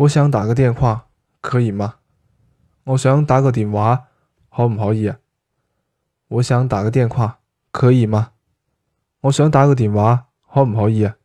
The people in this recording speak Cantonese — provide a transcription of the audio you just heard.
我想打個電話，可以嗎？我想打個電話，可唔可以啊？我想打個電話，可以嗎？我想打個電話，可唔可以啊？